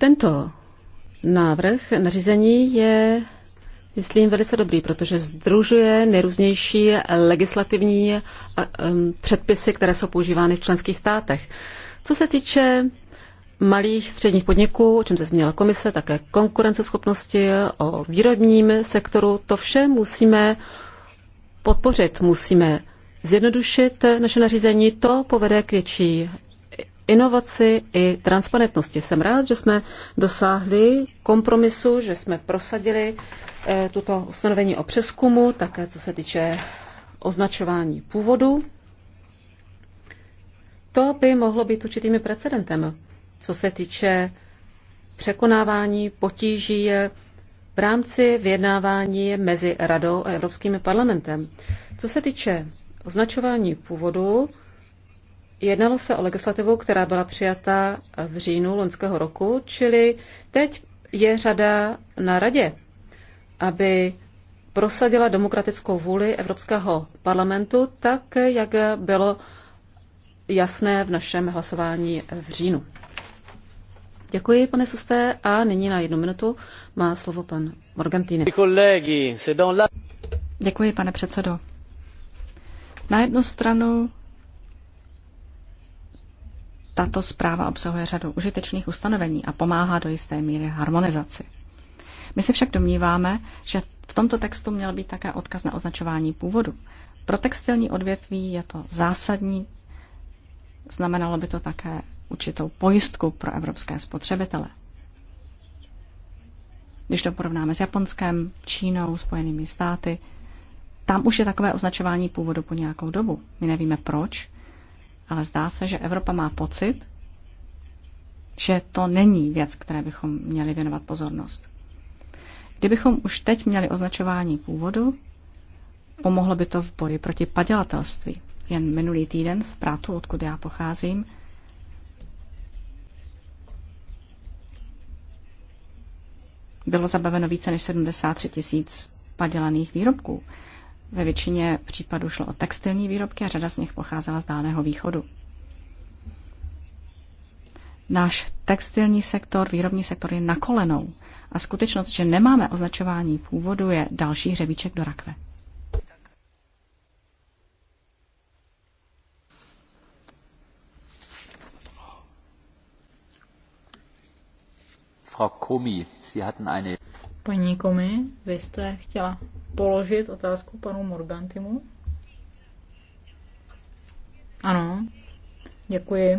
Tento návrh nařízení je, myslím, velice dobrý, protože združuje nejrůznější legislativní eh, předpisy, které jsou používány v členských státech. Co se týče malých středních podniků, o čem se zmínila komise, také konkurenceschopnosti, o výrobním sektoru, to vše musíme podpořit, musíme zjednodušit naše nařízení, to povede k větší inovaci i transparentnosti. Jsem rád, že jsme dosáhli kompromisu, že jsme prosadili eh, tuto ustanovení o přeskumu, také co se týče označování původu. To by mohlo být určitým precedentem, co se týče překonávání potíží v rámci vyjednávání mezi Radou a Evropským parlamentem. Co se týče označování původu, Jednalo se o legislativu, která byla přijata v říjnu loňského roku, čili teď je řada na radě, aby prosadila demokratickou vůli Evropského parlamentu tak, jak bylo jasné v našem hlasování v říjnu. Děkuji, pane Susté, a nyní na jednu minutu má slovo pan Morgantini. Děkuji, pane předsedo. Na jednu stranu tato zpráva obsahuje řadu užitečných ustanovení a pomáhá do jisté míry harmonizaci. My se však domníváme, že v tomto textu měl být také odkaz na označování původu. Pro textilní odvětví je to zásadní, znamenalo by to také určitou pojistku pro evropské spotřebitele. Když to porovnáme s Japonskem, Čínou, Spojenými státy, tam už je takové označování původu po nějakou dobu. My nevíme proč, ale zdá se, že Evropa má pocit, že to není věc, které bychom měli věnovat pozornost. Kdybychom už teď měli označování původu, pomohlo by to v boji proti padělatelství. Jen minulý týden v Prátu, odkud já pocházím, bylo zabaveno více než 73 tisíc padělaných výrobků. Ve většině případů šlo o textilní výrobky a řada z nich pocházela z Dálného východu. Náš textilní sektor, výrobní sektor je na kolenou a skutečnost, že nemáme označování původu, je další hřebíček do rakve. Frau Komi, Sie hatten eine Paní Komi, vy jste chtěla položit otázku panu Morgantimu? Ano, děkuji.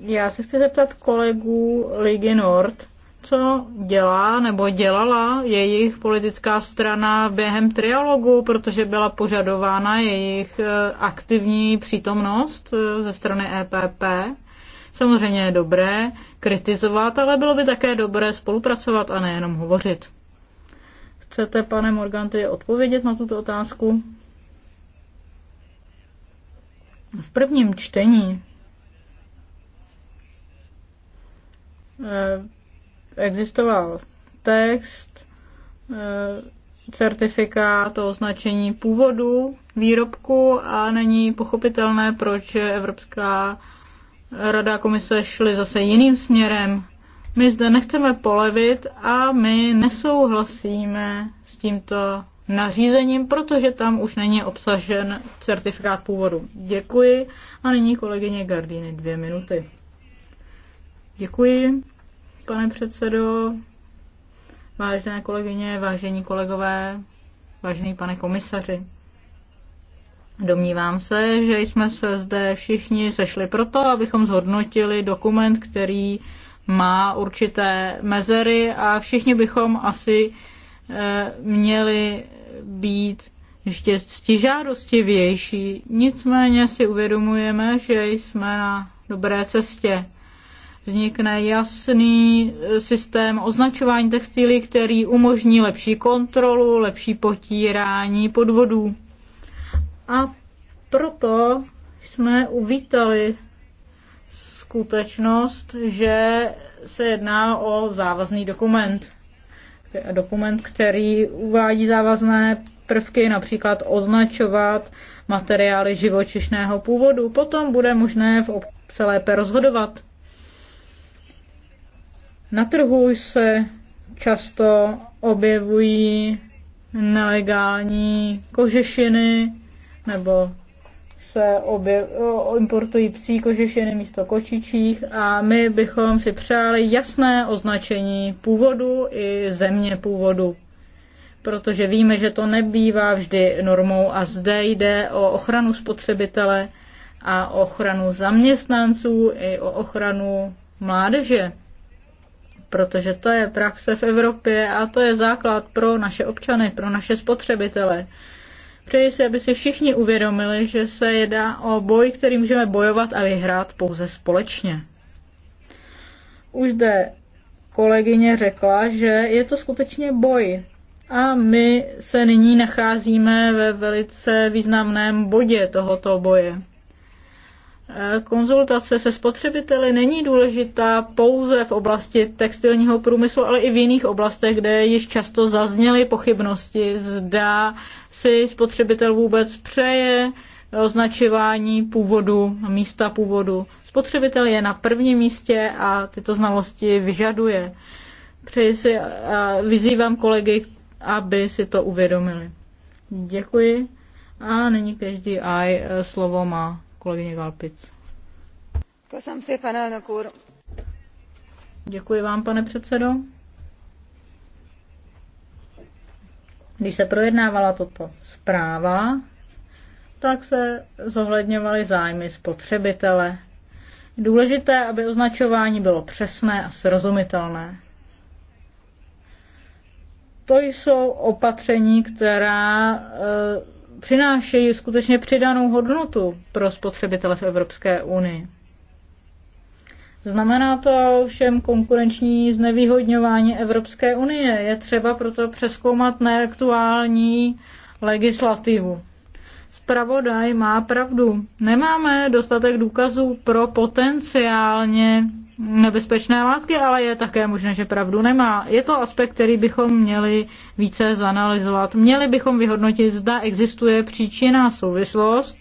Já se chci zeptat kolegů Ligy Nord, co dělá nebo dělala jejich politická strana během trialogu, protože byla požadována jejich eh, aktivní přítomnost eh, ze strany EPP. Samozřejmě je dobré kritizovat, ale bylo by také dobré spolupracovat a nejenom hovořit. Chcete, pane Morganty, odpovědět na tuto otázku? V prvním čtení eh, existoval text, eh, certifikát o označení původu výrobku a není pochopitelné, proč Evropská Rada a komise šly zase jiným směrem. My zde nechceme polevit a my nesouhlasíme s tímto nařízením, protože tam už není obsažen certifikát původu. Děkuji. A nyní kolegyně Gardiny dvě minuty. Děkuji, pane předsedo, vážené kolegyně, vážení kolegové, vážený pane komisaři. Domnívám se, že jsme se zde všichni sešli proto, abychom zhodnotili dokument, který má určité mezery a všichni bychom asi eh, měli být ještě stižádostivější. Nicméně si uvědomujeme, že jsme na dobré cestě. Vznikne jasný eh, systém označování textilí, který umožní lepší kontrolu, lepší potírání podvodů. A proto jsme uvítali skutečnost, že se jedná o závazný dokument. Dokument, který uvádí závazné prvky, například označovat materiály živočišného původu. Potom bude možné v obce lépe rozhodovat. Na trhu se často objevují nelegální kožešiny, nebo se objev, importují psí kožešiny místo kočičích a my bychom si přáli jasné označení původu i země původu, protože víme, že to nebývá vždy normou a zde jde o ochranu spotřebitele a ochranu zaměstnanců i o ochranu mládeže, protože to je praxe v Evropě a to je základ pro naše občany, pro naše spotřebitele. Přeji si, aby si všichni uvědomili, že se jedná o boj, který můžeme bojovat a vyhrát pouze společně. Už zde kolegyně řekla, že je to skutečně boj. A my se nyní nacházíme ve velice významném bodě tohoto boje. Eh, konzultace se spotřebiteli není důležitá pouze v oblasti textilního průmyslu, ale i v jiných oblastech, kde již často zazněly pochybnosti. Zda si spotřebitel vůbec přeje označování původu, místa původu. Spotřebitel je na prvním místě a tyto znalosti vyžaduje. Přeji si a vyzývám kolegy, aby si to uvědomili. Děkuji. A nyní každý aj eh, slovo má kolegyně Galpic. Děkuji vám, pane předsedo. Když se projednávala toto zpráva, tak se zohledňovaly zájmy spotřebitele. Důležité, aby označování bylo přesné a srozumitelné. To jsou opatření, která eh, přinášejí skutečně přidanou hodnotu pro spotřebitele v Evropské unii. Znamená to všem konkurenční znevýhodňování Evropské unie. Je třeba proto přeskoumat neaktuální legislativu zpravodaj má pravdu. Nemáme dostatek důkazů pro potenciálně nebezpečné látky, ale je také možné, že pravdu nemá. Je to aspekt, který bychom měli více zanalizovat. Měli bychom vyhodnotit, zda existuje příčina souvislost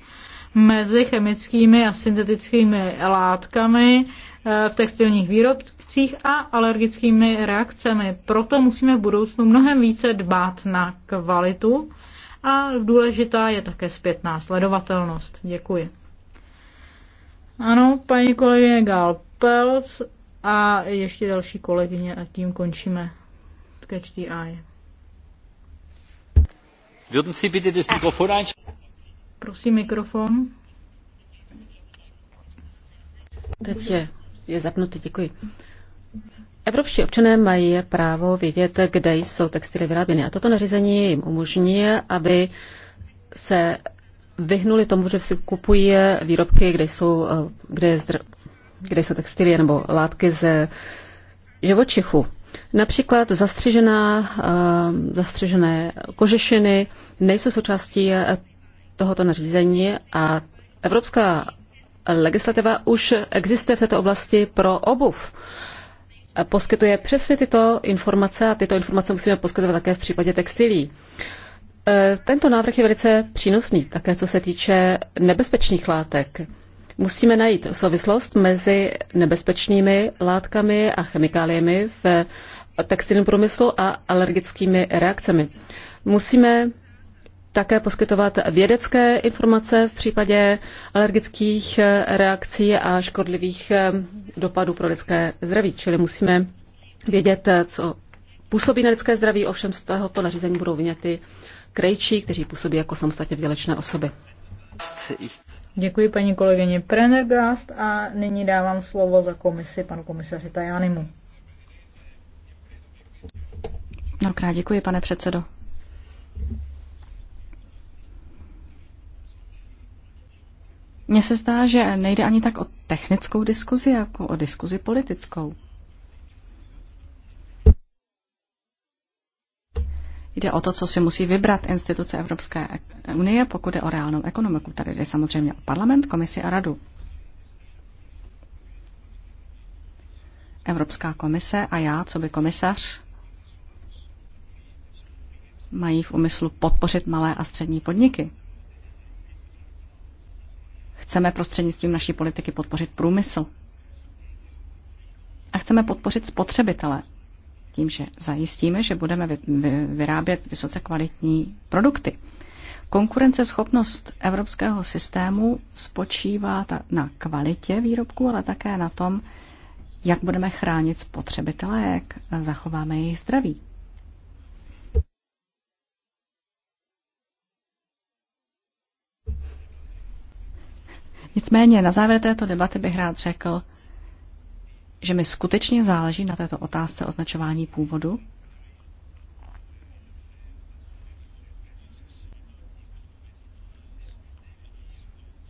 mezi chemickými a syntetickými látkami eh, v textilních výrobcích a alergickými reakcemi. Proto musíme v budoucnu mnohem více dbát na kvalitu a důležitá je také zpětná sledovatelnost. Děkuji. Ano, paní kolegyně Gál Pelc a ještě další kolegyně a tím končíme Catch the Eye. Würden Sie bitte das Mikrofon Prosím mikrofon. Teď je, je zapnutý, děkuji. Evropští občané mají právo vědět, kde jsou textily vyráběny. A toto nařízení jim umožní, aby se vyhnuli tomu, že si kupují výrobky, kde jsou, kde, zdr, kde jsou textilie nebo látky ze živočichu. Například zastřižená, eh, zastřižené kožešiny nejsou součástí tohoto nařízení a Evropská legislativa už existuje v této oblasti pro obuv poskytuje přesně tyto informace a tyto informace musíme poskytovat také v případě textilí. E, tento návrh je velice přínosný, také co se týče nebezpečných látek. Musíme najít souvislost mezi nebezpečnými látkami a chemikáliemi v textilním průmyslu a alergickými reakcemi. Musíme také poskytovat vědecké informace v případě alergických eh, reakcí a škodlivých eh, dopadů pro lidské zdraví. Čili musíme vědět, eh, co působí na lidské zdraví, ovšem z tohoto nařízení budou vyněty krejčí, kteří působí jako samostatně vdělečné osoby. Děkuji paní kolegyně Prenergast a nyní dávám slovo za komisi panu komisaři Tajanimu. Mnohokrát děkuji, pane předsedo. Mně se zdá, že nejde ani tak o technickou diskuzi, jako o diskuzi politickou. Jde o to, co si musí vybrat instituce Evropské unie, pokud jde o reálnou ekonomiku. Tady jde samozřejmě o parlament, komisi a radu. Evropská komise a já, co by komisař, mají v úmyslu podpořit malé a střední podniky. Chceme prostřednictvím naší politiky podpořit průmysl. A chceme podpořit spotřebitele tím, že zajistíme, že budeme vyrábět vysoce kvalitní produkty. Konkurenceschopnost evropského systému spočívá na kvalitě výrobku, ale také na tom, jak budeme chránit spotřebitele, jak zachováme jejich zdraví. Nicméně na závěr této debaty bych rád řekl, že mi skutečně záleží na této otázce označování původu.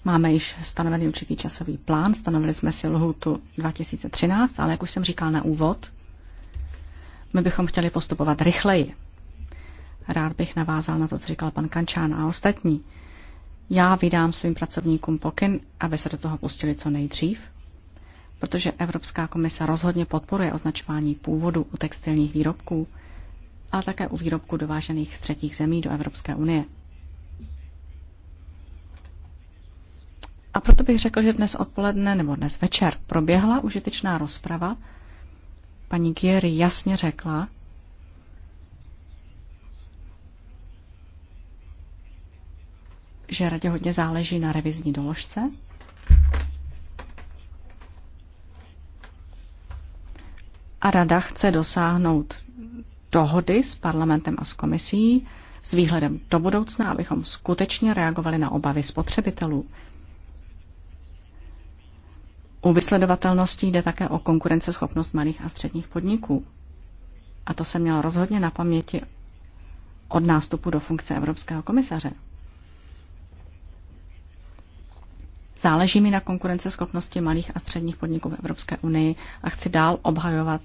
Máme již stanovený určitý časový plán, stanovili jsme si lhůtu 2013, ale jak už jsem říkal na úvod, my bychom chtěli postupovat rychleji. Rád bych navázal na to, co říkal pan Kančán a ostatní. Já vydám svým pracovníkům pokyn, aby se do toho pustili co nejdřív, protože Evropská komise rozhodně podporuje označování původu u textilních výrobků, ale také u výrobků dovážených z třetích zemí do Evropské unie. A proto bych řekl, že dnes odpoledne nebo dnes večer proběhla užitečná rozprava. Paní Gieri jasně řekla, že radě hodně záleží na revizní doložce. A rada chce dosáhnout dohody s parlamentem a s komisí s výhledem do budoucna, abychom skutečně reagovali na obavy spotřebitelů. U vysledovatelnosti jde také o konkurenceschopnost malých a středních podniků. A to se mělo rozhodně na paměti od nástupu do funkce Evropského komisaře. Záleží mi na konkurenceschopnosti malých a středních podniků v Evropské unii a chci dál obhajovat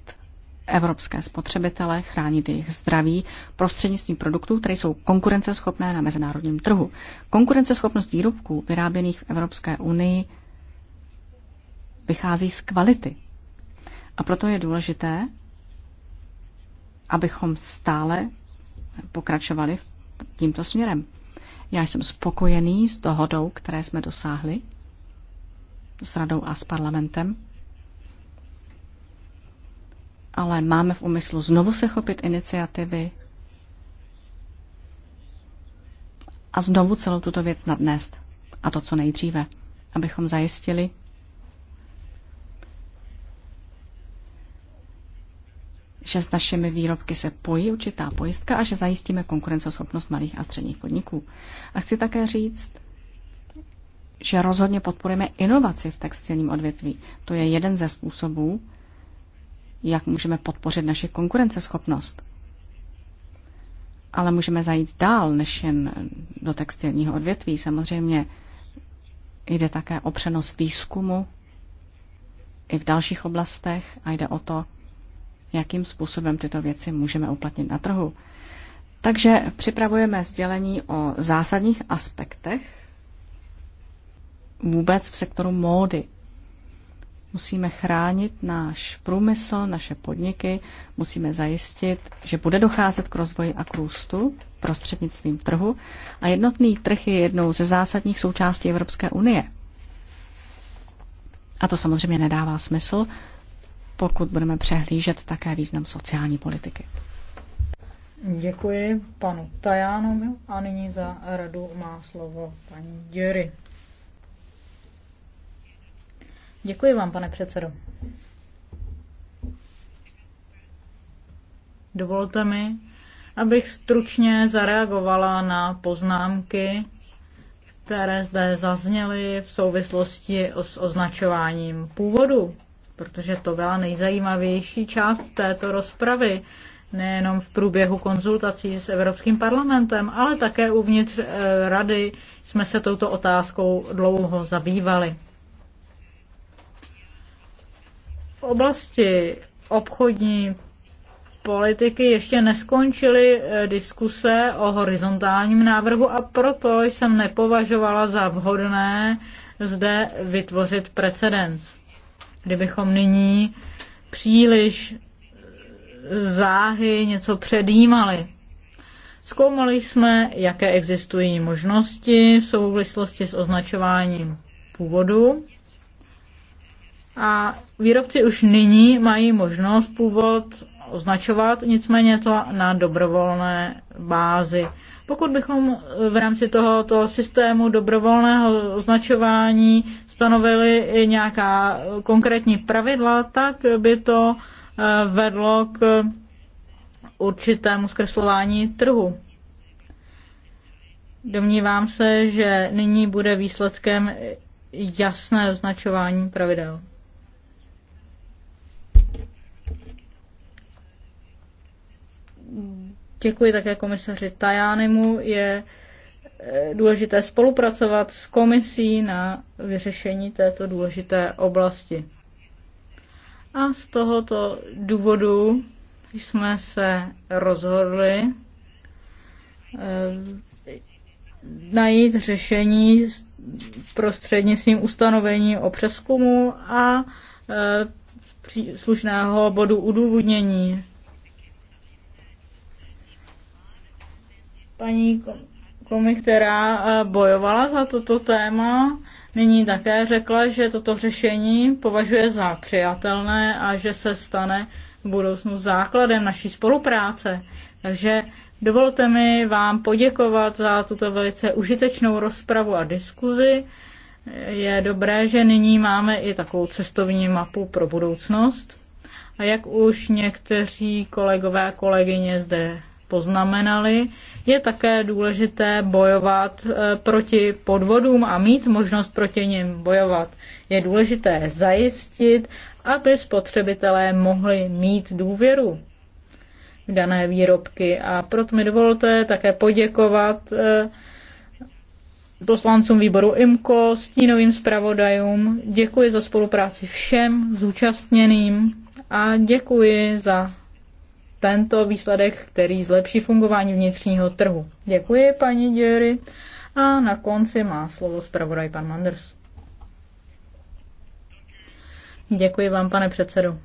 evropské spotřebitele, chránit jejich zdraví prostřednictvím produktů, které jsou konkurenceschopné na mezinárodním trhu. Konkurenceschopnost výrobků vyráběných v Evropské unii vychází z kvality. A proto je důležité, abychom stále pokračovali tímto směrem. Já jsem spokojený s dohodou, které jsme dosáhli s radou a s parlamentem. Ale máme v úmyslu znovu se chopit iniciativy a znovu celou tuto věc nadnést. A to co nejdříve, abychom zajistili, že s našimi výrobky se pojí určitá pojistka a že zajistíme konkurenceschopnost malých a středních podniků. A chci také říct, že rozhodně podporujeme inovaci v textilním odvětví. To je jeden ze způsobů, jak můžeme podpořit naši konkurenceschopnost. Ale můžeme zajít dál než jen do textilního odvětví. Samozřejmě jde také o přenos výzkumu i v dalších oblastech a jde o to, jakým způsobem tyto věci můžeme uplatnit na trhu. Takže připravujeme sdělení o zásadních aspektech vůbec v sektoru módy. Musíme chránit náš průmysl, naše podniky, musíme zajistit, že bude docházet k rozvoji a k růstu prostřednictvím trhu a jednotný trh je jednou ze zásadních součástí Evropské unie. A to samozřejmě nedává smysl, pokud budeme přehlížet také význam sociální politiky. Děkuji panu Tajánovi a nyní za radu má slovo paní Děry. Děkuji vám, pane předsedo. Dovolte mi, abych stručně zareagovala na poznámky, které zde zazněly v souvislosti s označováním původu, protože to byla nejzajímavější část této rozpravy, nejenom v průběhu konzultací s Evropským parlamentem, ale také uvnitř eh, rady jsme se touto otázkou dlouho zabývali. v oblasti obchodní politiky ještě neskončily eh, diskuse o horizontálním návrhu a proto jsem nepovažovala za vhodné zde vytvořit precedens. Kdybychom nyní příliš záhy něco předjímali. Zkoumali jsme, jaké existují možnosti v souvislosti s označováním původu a výrobci už nyní mají možnost původ označovat, nicméně to na dobrovolné bázi. Pokud bychom eh, v rámci tohoto systému dobrovolného označování stanovili i nějaká eh, konkrétní pravidla, tak by to eh, vedlo k určitému zkreslování trhu. Domnívám se, že nyní bude výsledkem jasné označování pravidel. Děkuji také komisaři Tajánemu. Je eh, důležité spolupracovat s komisí na vyřešení této důležité oblasti. A z tohoto důvodu jsme se rozhodli eh, najít řešení prostřednictvím ustanovení o přeskumu a eh, příslušného bodu udůvodnění. paní Komi, která eh, bojovala za toto téma, nyní také řekla, že toto řešení považuje za přijatelné a že se stane v budoucnu základem naší spolupráce. Takže dovolte mi vám poděkovat za tuto velice užitečnou rozpravu a diskuzi. Je dobré, že nyní máme i takovou cestovní mapu pro budoucnost. A jak už někteří kolegové a kolegyně zde poznamenali, je také důležité bojovat eh, proti podvodům a mít možnost proti nim bojovat. Je důležité zajistit, aby spotřebitelé mohli mít důvěru v dané výrobky. A proto mi dovolte také poděkovat eh, poslancům výboru IMKO, stínovým zpravodajům. Děkuji za spolupráci všem zúčastněným a děkuji za tento výsledek, který zlepší fungování vnitřního trhu. Děkuji, paní Děry. A na konci má slovo zpravodaj pan Manders. Děkuji vám, pane předsedo.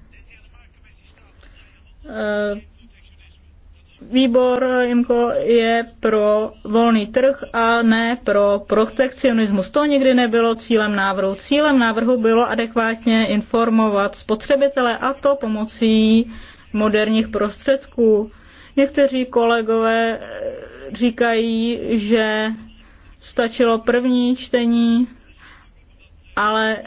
Eh, výbor IMCO je pro volný trh a ne pro protekcionismus. To nikdy nebylo cílem návrhu. Cílem návrhu bylo adekvátně informovat spotřebitele a to pomocí moderních prostředků. Někteří kolegové eh, říkají, že stačilo první čtení, ale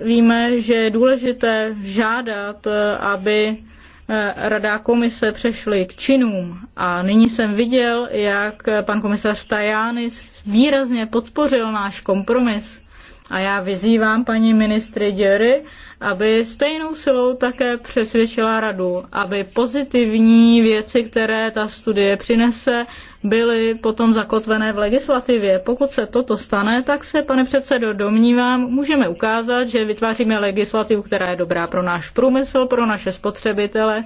víme, že je důležité žádat, eh, aby eh, rada komise přešly k činům. A nyní jsem viděl, jak pan komisař Tajánis výrazně podpořil náš kompromis. A já vyzývám paní ministry Děry, aby stejnou silou také přesvědčila radu, aby pozitivní věci, které ta studie přinese, byly potom zakotvené v legislativě. Pokud se toto stane, tak se, pane předsedo, domnívám, můžeme ukázat, že vytváříme legislativu, která je dobrá pro náš průmysl, pro naše spotřebitele,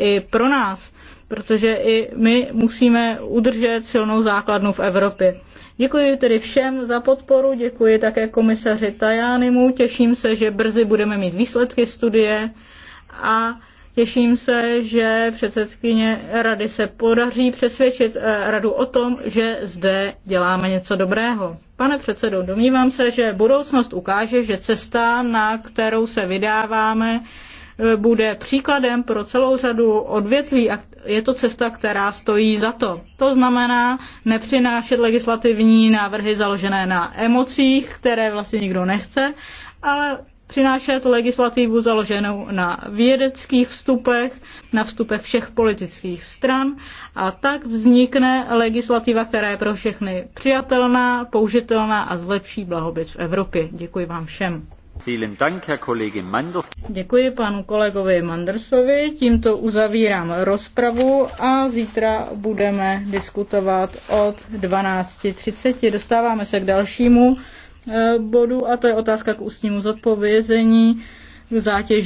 i pro nás, protože i my musíme udržet silnou základnu v Evropě. Děkuji tedy všem za podporu, děkuji také komisaři Tajánimu, těším se, že brzy budeme mít výsledky studie a Těším se, že předsedkyně rady se podaří přesvědčit eh, radu o tom, že zde děláme něco dobrého. Pane předsedo, domnívám se, že budoucnost ukáže, že cesta, na kterou se vydáváme, bude příkladem pro celou řadu odvětví a je to cesta, která stojí za to. To znamená nepřinášet legislativní návrhy založené na emocích, které vlastně nikdo nechce, ale přinášet legislativu založenou na vědeckých vstupech, na vstupech všech politických stran a tak vznikne legislativa, která je pro všechny přijatelná, použitelná a zlepší blahobyt v Evropě. Děkuji vám všem. Děkuji panu kolegovi Mandersovi, tímto uzavírám rozpravu a zítra budeme diskutovat od 12.30. Dostáváme se k dalšímu eh, bodu a to je otázka k ústnímu zodpovězení zátěži.